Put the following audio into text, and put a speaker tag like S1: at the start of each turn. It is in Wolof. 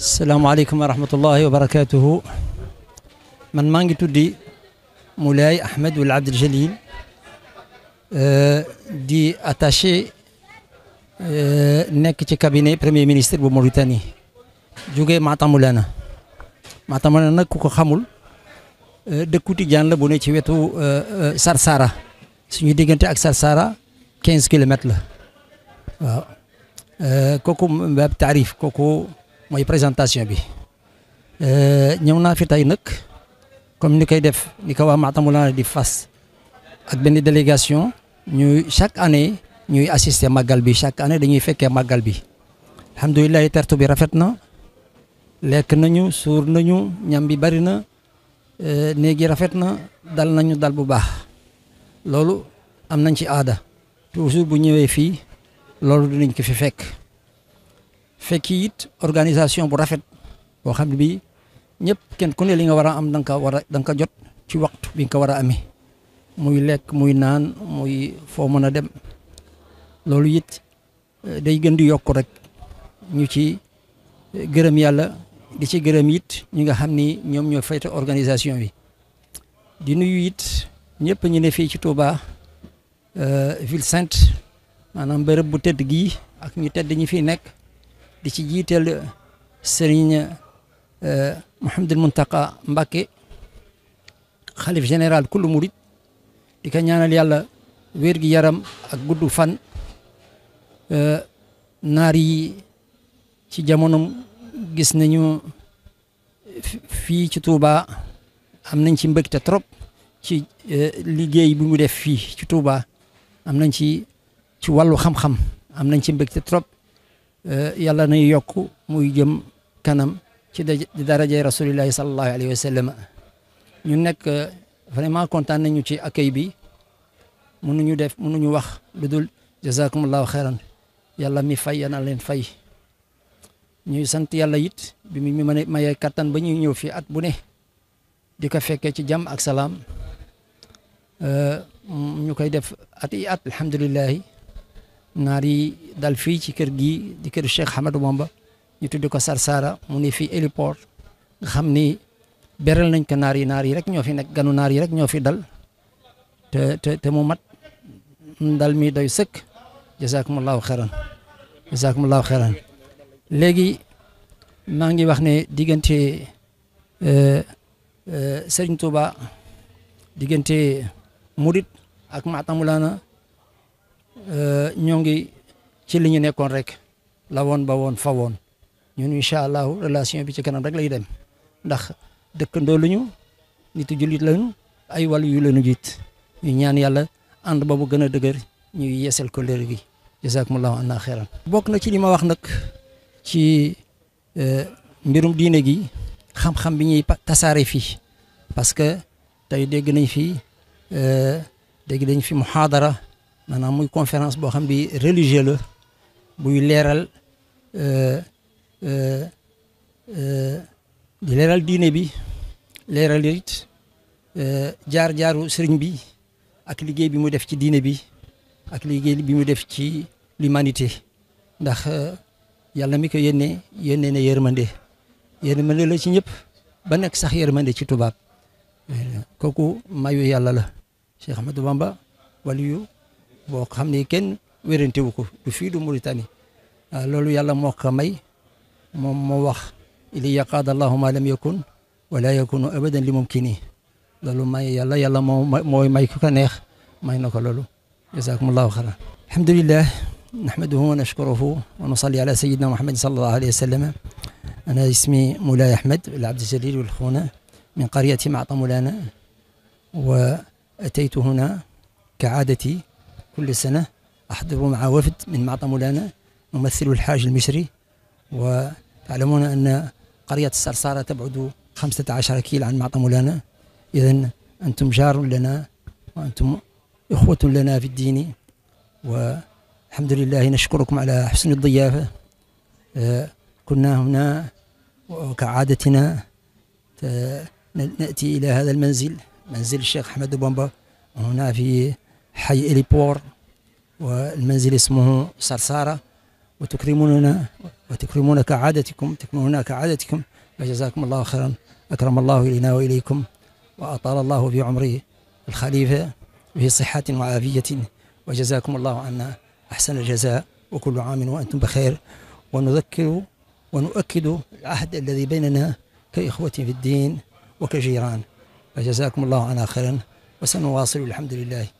S1: salaamaaleykum wa rahmatullahi wa barakaatuhu man maa ngi tuddi Moulay Ahmed Ould Abdel Jalil eh, di attaché eh, nekk ci cabinet premier ministre bu Mauritanie jógee Matamulana Matamulana nag ku ko xamul eh, dëkku Tijaan la bu ne ci wetu Sarsara suñu diggante ak Sarsara quinze kilomètres la waaw kooku mbaab taarif kooku mooy présentation bi euh, ñëw naa fi tey nag comme ni koy def ni ko waa Matamou Lana di fas ak benn délégation ñuy chaque année ñuy assister màggal bi chaque année dañuy fekkee màggal bi alhamdulilah tertu bi rafet na lekk nañu suur nañu ñam bi bari na euh, néegi rafet na dal nañu dal bu baax loolu am nañ ci aada toujours bu ñëwee fii loolu dinañ ko fi fekk. fekki it organisation bu rafet boo xam ne bii ñëpp kenn ku ne li nga war a am danga nga ko war a da ko jot ci waxtu bi nga ko war a amee muy lekk muy naan muy foo mën a dem loolu it eh, day gën di yokk rek ñu ci gërëm yàlla di ci gërëm it ñi nga xam ni ñoom ñoo fayte organisation bi di nuyu it ñëpp ñu ne fii ci Touba eh, ville sainte maanaam bërëb bu tëdd gii ak ñu tedd ñi fi nekk. di ci jiital sëriñ euh, Mouhamadul Muntaka Mbacke xalif général kullu murit di ko ñaanal yàlla wér gi yaram ak gudd fan euh, naar yi ci jamonom gis nañu fii ci Touba am nañ ci mbëgte trop ci euh, liggéey bi mu def fii ci Touba am nañ ci ci wàllu xam-xam am nañ ci mbëgte trop Eh, yàlla nay yokk muy jëm kanam ci daraje rasulillahi sallallahu alayhi wa sallam ñu nekk eh, vraiment kontaan nañu ci accueil bi mënuñu def mënuñu wax lu dul jazakumullahu xeyran yàlla mi fay yana leen fay ñuy sant yàlla yit bi mu ñu mën a kattan ba ñuy ñëw fii at bu ne di ko fekkee ci jam ak salaam eh, ñu koy def at i at naar yi dal fii ci kër gi di kër Cheikh Ahmadou Bamba ñu tuddi ko Sarsara mu ni fii héliport nga xam ni berel nañ ko naar yi naar yi rek ñoo fi nekk ganu naar yi rek ñoo fi dal te te te mu mat dal mi doy sëkk jazakumullahu xeran jazakumullahu xeran léegi maa ngi wax ne diggante euh, euh, Serigne Touba diggante Murit ak Matamulana Euh, ñoo ngi ci li ñu nekkoon rek la woon ba woon fa woon ñun incha allahu relation bi ci kanam rek lay dem ndax dëkkandoo luñu nitu jullit lañu ay walla yu lañu jiit ñu ñaan yàlla ànd ba mu gën a dëgër ñuy yeesal ko leer gi jazakumullahu anna xeeran bokk na ci li ma wax nag ci euh, mbirum diine gi xam-xam bi ñuy tasaare fii parce que tey dégg nañ fi euh, dégg nañ fi muhaadara maanaam muy conférence boo xam bi religieux la buy leeral euh, euh, euh, di leeral diine bi leeral it jaar-jaaru sëriñ bi ak liggéey bi mu def ci diine bi ak liggéey bi mu def ci l'humanité ndax yàlla mi ko yónnee yónnee na yërmande yërmande la ci ñëpp ba nekk sax yërmande ci tubaab kooku mayu yàlla la Cheikh Ahmadou Bamba waliyu boo xam ni kenn wérante wu ko du fii du Mauritanie ah, loolu yàlla moo ko may moom moo wax ili yaqaad allahu ma lam yakun wala yakunu abadan li mumkini loolu may yàlla yàlla moo mooy may ku ko neex may na ko loolu jazakumullahu xayran alhamdulillah nahmaduhu wa nashkuruhu wa nusalli ala sayyidina muhammadin sallallahu alayhi wa sallam ana ismi Moulay Ahmed al-Abd al-Jalil wal-Khuna min qaryati Ma'ta Moulana wa ataytu huna ka'adati كل سنة أحضر مع وفد من معطى مولانا نمثل الحاج المشري وتعلمون أن قرية الصرصارة تبعد 15 كيل عن معطى مولانا إذا أنتم جار لنا وأنتم إخوة لنا في الدين والحمد لله نشكركم على حسن الضيافة كنا هنا وكعادتنا نأتي إلى هذا المنزل منزل الشيخ أحمد بومبا هنا في حي إليبور والمنزل اسمه صرصارة وتكرموننا وتكرمون كعادتكم تكرموننا كعادتكم فجزاكم الله خيرا أكرم الله إلينا وإليكم وأطال الله في عمري الخليفة في صحة وعافية وجزاكم الله عنا أحسن الجزاء وكل عام وأنتم بخير ونذكر ونؤكد العهد الذي بيننا كإخوة في الدين وكجيران فجزاكم الله عنا خيرا وسنواصل الحمد لله